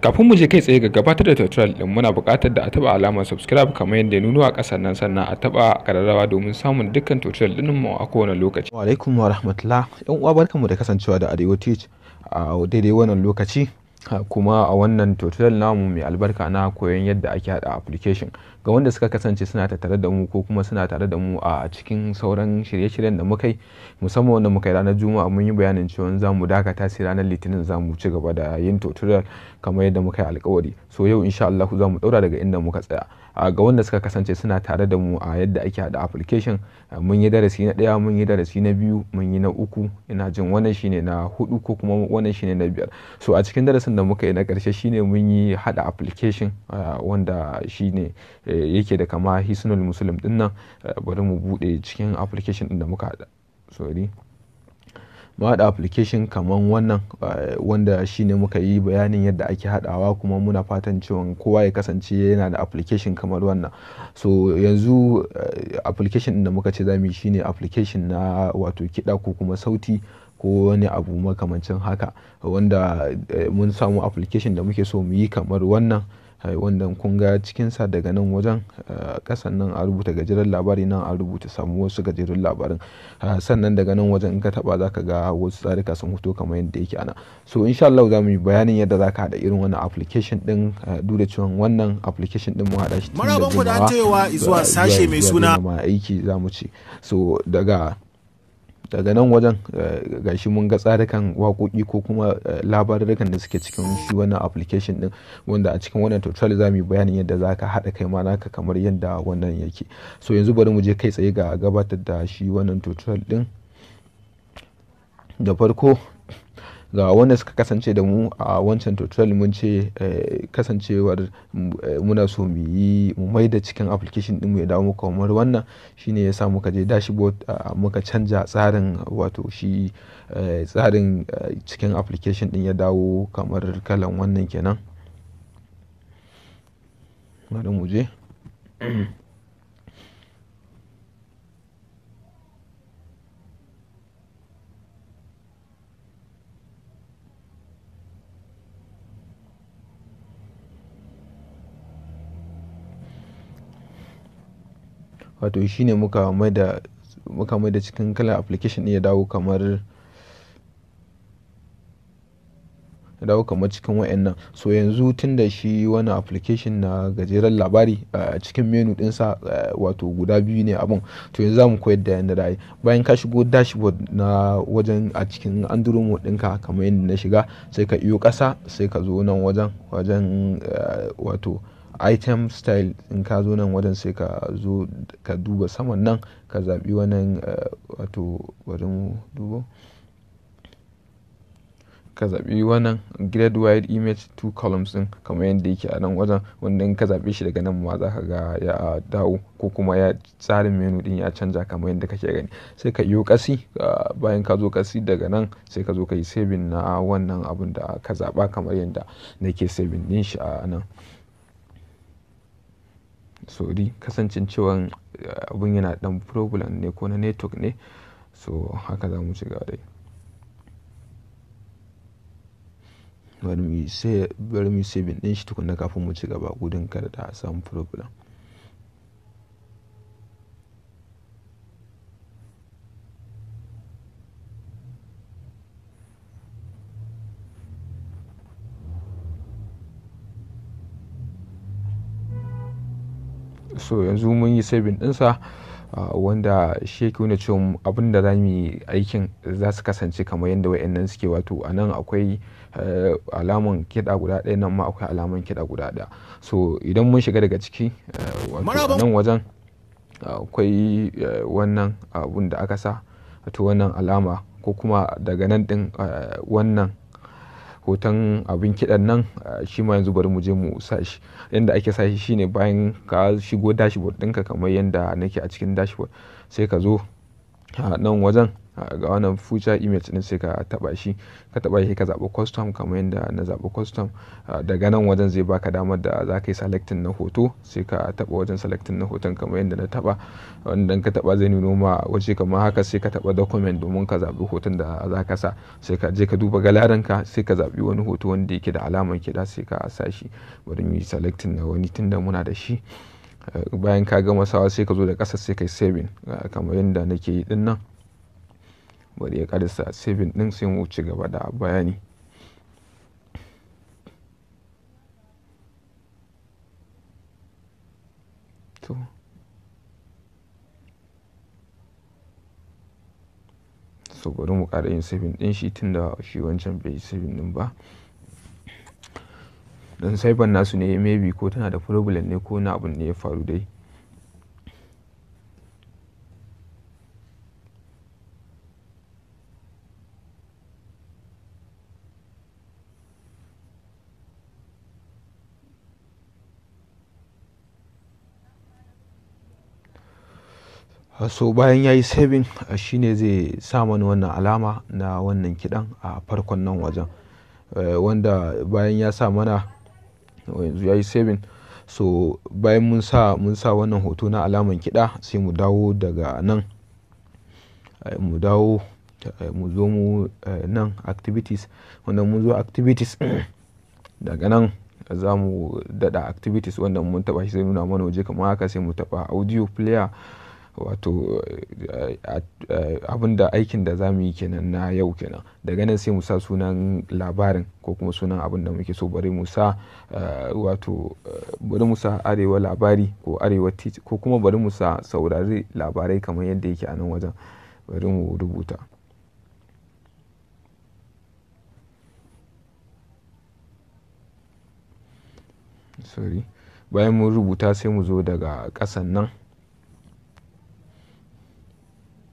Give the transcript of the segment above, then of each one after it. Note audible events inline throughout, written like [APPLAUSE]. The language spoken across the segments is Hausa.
kafin mu je kai tsaye ga gabatar da tutorial din muna buƙatar da a taba alamar subscribe kamar yadda ya nuno a ƙasar nan sannan a taba kararrawa domin samun dukkan tutorial din mu a kowane lokaci wa alaikum wa rahmatullah yan uwa barkamu da kasancewa da Arewa Teach a daidai wannan lokaci kuma a wannan tutorial namu mai albarka na koyon yadda ake hada application ga wanda suka kasance suna tattare da mu ko kuma suna tare da mu a cikin sauran shirye-shiryen da muka yi musamman wanda muka yi ranar juma'a mun yi bayanin cewa za mu dakata sai ranar litinin za mu ci gaba da yin tutorial kamar yadda muka yi alkawari so yau insha Allah za mu daura daga inda muka tsaya ga wanda suka kasance suna tare da mu a yadda ake hada application mun yi darasi na ɗaya mun yi darasi na biyu mun yi na uku ina jin wannan shine na hudu ko kuma wannan shine na biyar so a cikin darasin batun da muka yi na ƙarshe shine mun yi hada application wanda shine e, yake da kama hisnul muslim din nan e, bari mu bude cikin application din da muka hada sorry mu hada application kaman wannan e, wanda shine muka yi bayanin yadda ake hadawa kuma muna fatan cewa kowa ya kasance yana da application kamar wannan so yanzu application din da muka ce zamu yi shine application na wato kiɗa ko kuma sauti ko wani abu makamancin haka wanda eh, mun samu application da muke so mu yi kamar wannan eh, wanda kun ga cikinsa daga nan wajen kasan eh, nan a rubuta gajeren labari nan a rubuta samu wasu gajeren labarin sannan daga nan wajen in ka taba za ka ga wasu tsarika sun fito kamar yadda yake ana so insha Allah za mu yi bayanin yadda za ka haɗa irin wannan application din duk da cewa wannan application din mu haɗa shi marabanku da an zuwa sashe mai suna aiki za mu ci so daga daga nan wajen eh, gashi mun ga tsarikan waƙoƙi ko kuma eh, labarurukan da suke cikin shi wannan application din wanda a cikin wannan tutorial za mu yi bayanin yadda za ka haɗa kai ma naka kamar yadda wannan yake so yanzu bari mu je kai tsaye ga gabatar da shi wannan tutorial din da farko ga wanda suka kasance da mu a wancan tutorial mun ce eh, kasancewar mm, eh, muna so mu yi mu mai da cikin application din mu ya dawo muka kamar wannan shine yasa muka je dashboard muka canja tsarin wato shi eh, tsarin cikin application din ya dawo kamar kalan wannan kenan bari mu [CLEARS THROAT] Wato shi ne muka mai da, cikin kalar application in ya dawo kamar ya dawo kamar cikin wayannan. So yanzu tun da shi wani application na gajeren labari a cikin menu ɗinsa wato guda biyu ne abin To yanzu za mu koyar da yanda Bayan ka shigo dashboard na wajen a cikin Android mode dinka kamar yadda na shiga sai ka iyo kasa sai ka zo nan wajen, wajen eh, wato. item style in ka zo nan wajen sai ka zo ka duba saman nan ka zaɓi wannan eh, wato bari mu ka zaɓi wannan grid wide image two columns din kamar yadda yake a nan wajen wanda in ka zaɓe shi daga nan ma za ka ga ya dawo ko kuma ya tsarin menu din ya canja kamar yadda kake gani sai ka yi kasi eh, bayan ka zo kasi daga nan sai ka zo ka yi saving na wannan abun da ka zaɓa kamar yadda nake saving din shi a nan tsori kasancin cewan eh, abin yana dan problem ne ko na network ne so haka za mu shiga dai bari mu yi sai saving din shi tukunna kafin mu cigaba gaba gudun kada ta samu problem so yanzu mun yi sabin ɗinsa ah, wanda shi yake nuna cewa abin da za mu aikin za su kasance kamar yadda wa'annan suke wato a nan akwai eh, alaman kiɗa guda ɗaya nan ma akwai alaman kiɗa guda ɗaya so idan mun shiga daga ciki eh, nan wajen akwai eh, wannan abun da aka sa wato wannan alama ko kuma daga nan din wannan hoton abin kiɗan nan eh, shi ma yanzu bari mu je mu sa shi yadda ake sa shi shine bayan ka shigo dashboard ɗinka kamar yadda nake a cikin dashboard sai ka zo ah, nan wajen ga wannan future emails din sai ka taba shi ka taba shi ka zaba custom kamar yadda na zaba custom daga nan wajen zai baka damar da za ka yi selecting na hoto sai ka taba wajen selecting na hoton kamar yadda na taba wanda ka taba zai nuno ma waje kamar haka sai ka taba document domin ka zabi hoton da za ka sa sai ka je ka duba galarin ka sai ka zabi wani hoto wanda yake da alamar kiɗa sai ka sa shi bari mu yi selecting na wani tunda muna da shi bayan ka gama sawa sai ka zo da ƙasa sai ka yi saving kamar yadda nake yi din nan bari ya karisa saving din sai mu ci gaba da bayani to so bari mu ƙara yin saving din shi tunda shi wancan bai yi saving din ba don saifan nasu ne maybe ko tana da problem ne ko na abin ne ya faru dai Uh, so bayan ya yi saving uh, shine zai sa mana wannan alama na wannan kidan a farkon nan wajen uh, wanda bayan ya sa mana ya yi saving so bayan mun sa mun sa wannan hoto na alaman kida sai mu dawo daga nan mu dawo mu zo mu nan activities wanda mun zo activities [COUGHS] daga nan za mu dada activities wanda mun taba shi zai nuna mana waje kamar haka sai mu taba audio player wato eh, eh, eh, abin da aikin da za mu yi kenan na yau kenan daga nan sai mu sa sunan labarin ko kuma sunan abin da muke so bari mu sa wato bari mu sa arewa labari ko arewa ko kuma bari mu sa saurari labarai kamar yadda yake a nan wajen bari mu rubuta bayan mun rubuta sai mu zo daga ƙasan nan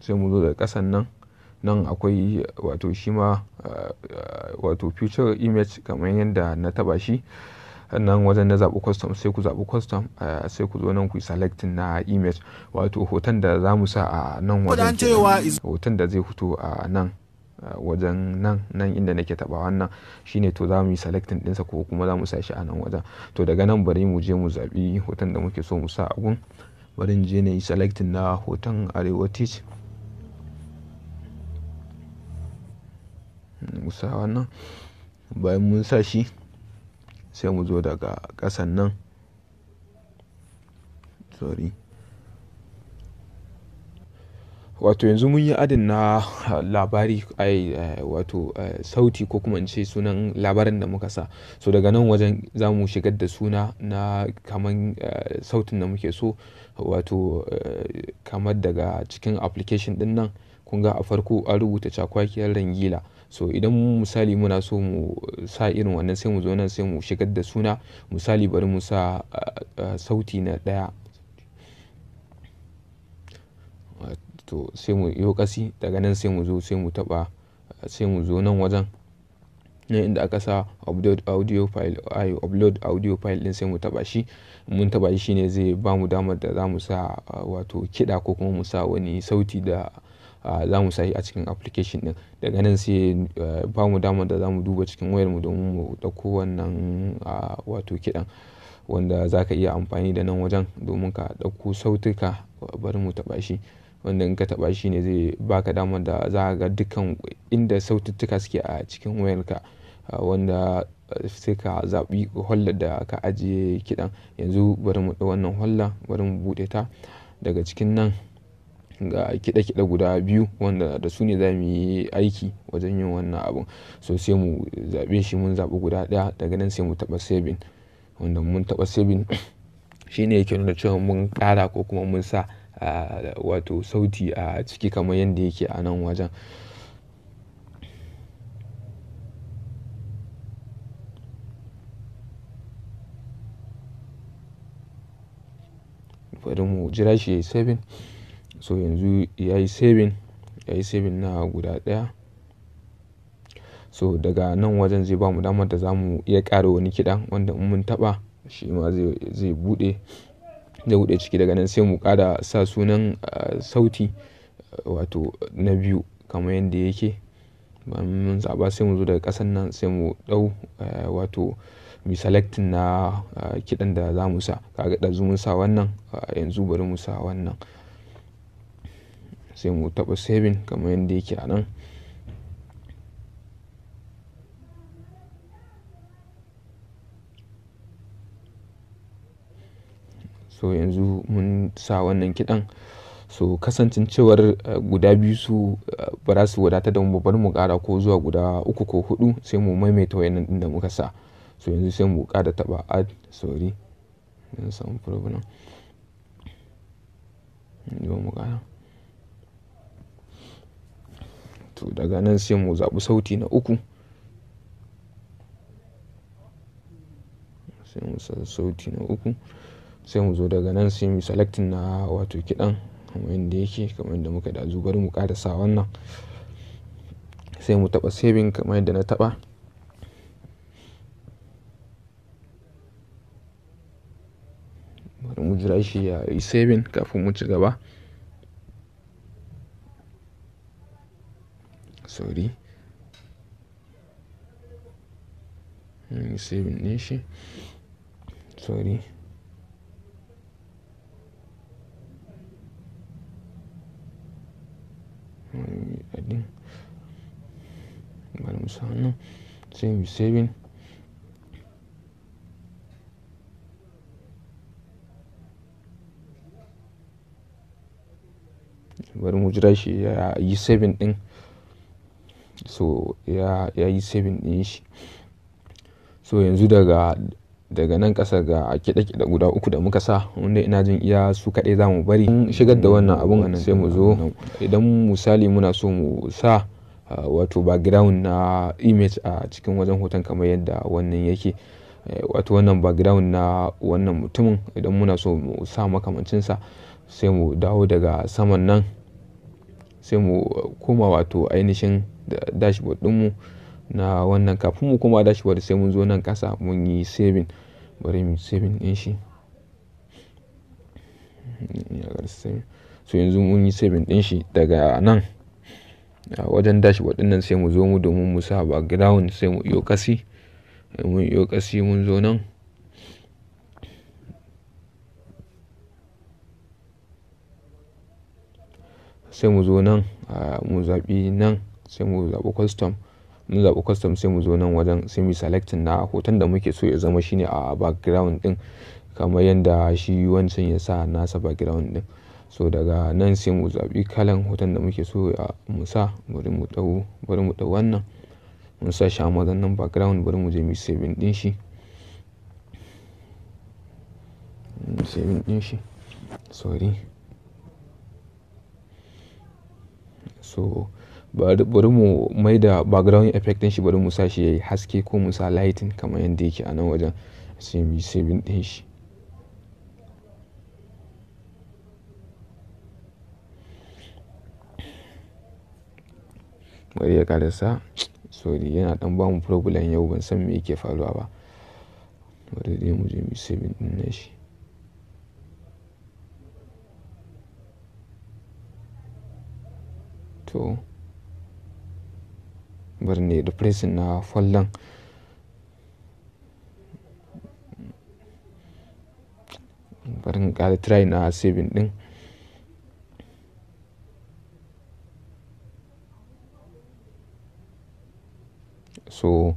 sai mu zo da kasan nan nan akwai wato shi ma eh, wato future image kamar yadda na taba shi nan wajen na zaɓi custom sai ku zaɓi custom eh, sai ku zo nan ku selecting na image wato hoton da za mu sa a nan wajen hoton da zai fito a nan eh, wajen nan nan inda nake taba wannan shine to za mu yi selecting ɗinsa ko kuma za mu sa shi a nan wajen to daga nan bari mu je mu zaɓi hoton da muke so mu sa a gun bari je na yi selecting na hoton arewa teach sa wannan bayan mun sa shi sai mu zo daga ƙasan nan sorry wato yanzu mun yi adin na ah, labari ai eh, wato eh, sauti ko kuma in ce sunan labarin da muka sa so daga nan wajen za mu shigar da suna na kaman eh, sautin da muke so wato kamar daga cikin application din nan kun ga a farko an rubuta cakwakiyar rangila so idan misali muna so mu sa irin wannan sai mu zo nan sai mu shigar da suna misali bari mu sa eh, eh, sauti na daya to sai mu yi kasi daga nan sai mu zo sai mu taba eh, sai mu zo nan wajen nan inda aka sa upload audio file ai upload din sai mu taba shi mun taba shi ne zai ba mu damar da za mu sa wato kiɗa ko kuma mu sa wani sauti da za mu sa a cikin application ɗin daga nan sai eh, ba mu damar da za mu duba cikin wayarmu domin mu ɗauko wannan wato kiɗan wanda za ka iya amfani da nan wajen domin ka ɗauko sautuka bari mu taɓa shi wanda in ka taɓa shi ne zai baka damar da za ga dukkan inda saututtuka suke a cikin wayarka wanda eh, sai ka zaɓi hollar da ka ajiye kiɗan yanzu bari mu ɗau wannan holla bari mu buɗe ta daga cikin nan ga kiɗe-kiɗe guda biyu wanda da su ne za mu yi aiki wajen yin wannan abun so sai mu zaɓe shi mun zaɓi guda ɗaya daga nan sai mu taɓa saving wanda mun taɓa saving [CLEARS THROAT] shine yake nuna cewa mun ƙara ko kuma mun sa wato sauti a ciki kamar yadda yake a nan wajen bari mu jira shi ya yi So yanzu ya yi saving, ya yi saving na guda daya So daga nan wajen zai ba mu damar da za mu iya ƙara wani kiɗan wanda in mun taɓa shi ma zai, bude buɗe, zai ciki daga nan sai mu ƙara sa sunan ah, sauti ah, wato na biyu kamar yadda yake. Bayan mun zaɓa sai mu zo daga ƙasan nan sai mu ɗau eh, wato mu selecting na ah, kiɗan da za mu sa. Kaga ɗazu mun sa wannan yanzu bari mu sa wannan. sai mu taɓa saving kamar yadda yake a nan so yanzu mun sa wannan kiɗan so kasancin cewar eh, guda biyu su eh, ba za su wadata da mu bar mu ƙara ko zuwa guda uku ko hudu sai mu maimaita wayannan ɗin da muka sa so yanzu sai mu ƙara taɓa add sorry don samun problem yanzu mu ƙara daga nan sai mu zaɓi sauti na uku sai mu sauti na uku sai mu zo daga nan sai mu selectin na wato kiɗan kamar yadda yake kamar yadda muka da zubar mu sa wannan sai mu taɓa saving kamar yadda na taɓa bari mu jira shi ya yi saving kafin mu ci gaba sorry yi saving ɗin shi sorry bari mu sai saving jira yi saving so ya yi saving din shi so yanzu daga daga nan kasa ga kiɗe-kiɗe guda uku da muka sa wanda ina jin iya su kaɗai za mu bari shigar da wannan abun nan sai mu zo idan misali muna so mu sa wato background na image a cikin wajen hoton kamar yadda wannan yake eh, wato wannan background na wannan mutumin idan muna so mu sa makamancinsa sai mu dawo daga saman nan sai mu koma wato ainihin dashboard mu na wannan kafin mu kuma dashboard sai mun zo nan ƙasa mun yi saving bari mu saving ɗin shi so yanzu mun yi saving ɗin shi daga nan a wajen dashboard ɗin nan sai mu zo mu domin mu sa background sai mu iyo kasi mun iyo kasi mun zo nan sai mu zo nan mu zaɓi nan sai mu zaɓi custom mun zaɓi custom sai mu zo nan wajen sai mu selecting na hoton da muke so ya zama shine a background din kamar yadda shi wancan ya sa nasa background din so daga nan sai mu zaɓi kalan hoton da muke so ya mu sa bari mu ɗau bari mu ɗau wannan mun sa shi a nan background bari mu je mu saving din shi saving din shi sorry so bari mu mai da background effect din shi bari mu sa shi yayi haske ko mu sa lighting kamar yadda yake a nan wajen sai mu saving din shi bari ya karasa sorry yana dan bamu problem yau ban san me yake faruwa ba bari dai mu je mu saving din shi to birni da pressing na fallon barin kada na saving din so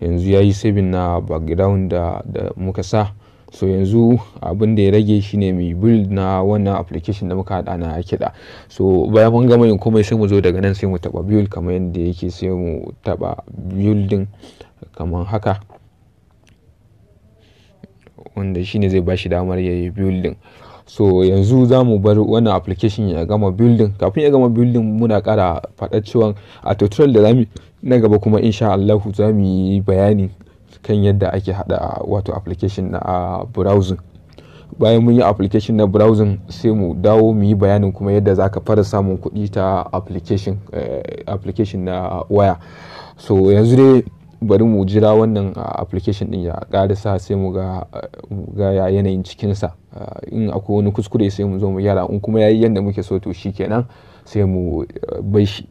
yanzu ya yi saving na background da muka sa so yanzu abin da ya rage shine mai build na wannan application da muka hada na kiɗa so bayan mun gama yin komai sai mu zo daga nan sai mu taba build kamar yadda yake sai mu taba building kamar haka wanda shine zai bashi damar ya yi building so yanzu za mu bar wannan application ya gama building kafin ya gama building muna kara faɗa cewa a tutorial da zami na gaba kuma insha Allahu za mu yi bayani kan yadda ake hada wato application na a browsing bayan mun yi application na browsing sai mu dawo mu yi bayanin kuma yadda za ka fara samun kuɗi ta application, eh, application na waya so yanzu dai bari mu jira wannan application din ya karisa sai mu ga ya yanayin cikinsa eh, in akwai wani kuskure sai mu zo mu yara in kuma yayi yadda muke so to kenan sai mu eh, bai shi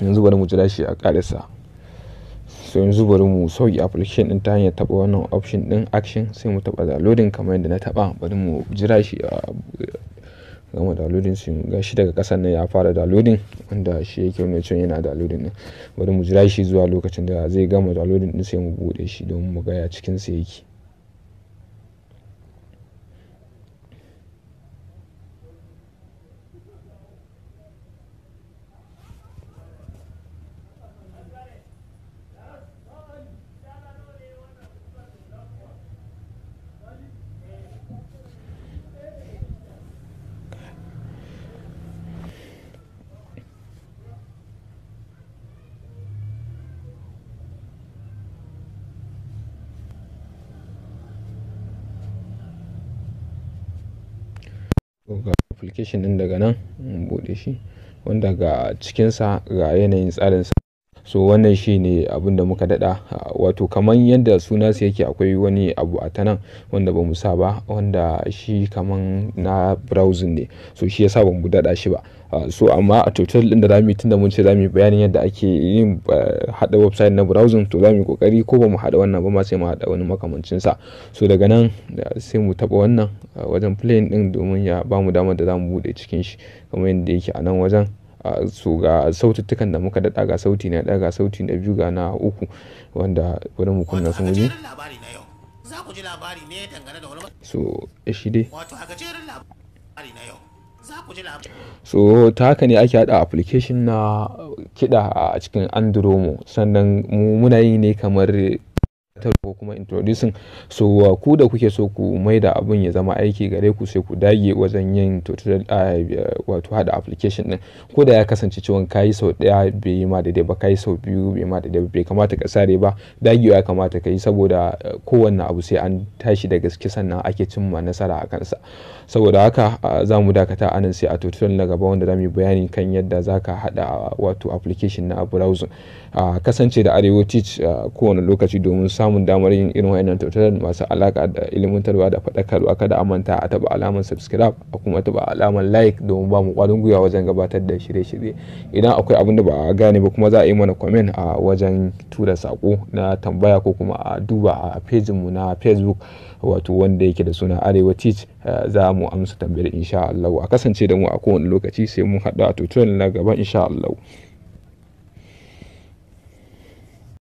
yanzu bari mu jira shi a karisa. so yanzu bari mu sauki application din ta hanyar taba wannan option din action sai mu taba downloading kamar yadda na taba bari mu jira shi gama downloading gashi daga kasan nan ya fara downloading wanda shi yake wani cewa yana downloading din bari mu jira shi zuwa lokacin da zai gama downloading din sai mu bude shi don mu ga ya cikin sa yake application ɗin daga nan in buɗe shi wanda ga cikinsa ga yanayin tsarinsa. so wannan shi ne abin da muka dada wato kaman yadda suna su yake akwai wani abu a ta nan wanda ba mu sa ba wanda shi kaman na browsing ne so shi yasa ba mu dada shi ba so amma a total din da zamu tunda mun ce zamu bayanin yadda ake yin eh, hada website na browsing to zamu kokari ko ba mu hada wannan ba ma sai mu hada wani makamancin sa so daga nan eh, sai mu taba wannan eh, wajen plane din domin ya mu damar da zamu bude cikin shi kamar yadda yake a nan wajen so ga sautittukan da muka daɗa ga sauti na ɗaya ga sauti na biyu ga na uku wanda wani mukun na sun waje za so eh, shi dai so ta haka ne ake hada application na kiɗa a cikin andromo sannan muna yi ne kamar ko kuma introducing so ku da kuke so ku mai da abun ya zama aiki gare ku sai ku dage wajen yin tutorial ah, wato hada application din ko da ya kasance cewa kayi sau daya bai yi ma daidai ba yi sau biyu bai ma daidai ba bai kamata ka sare ba dagewa ya kamata ka yi saboda eh, kowanne abu sai an tashi da gaske sannan ake cimma nasara a kansa saboda haka za mu dakata a nan sai a tutorial na gaba wanda za yi bayani kan yadda za ka haɗa wato application na browser a kasance da arewa teach kowane lokaci domin samun damar yin irin wayannan tutorial masu alaka da ilimantarwa da faɗakarwa kada a manta a taɓa alamar subscribe a kuma taɓa alamar like domin ba mu ƙwarin gwiwa wajen gabatar da shirye-shirye idan akwai abin da ba a gane ba kuma za a yi mana comment a wajen tura saƙo na tambaya ko kuma a duba a pejinmu na facebook wato wanda yake da suna arewa teach eh, za mu amsa tambayar insha Allah a kasance da mu a kowane lokaci sai mun haɗu a tutorial na gaba insha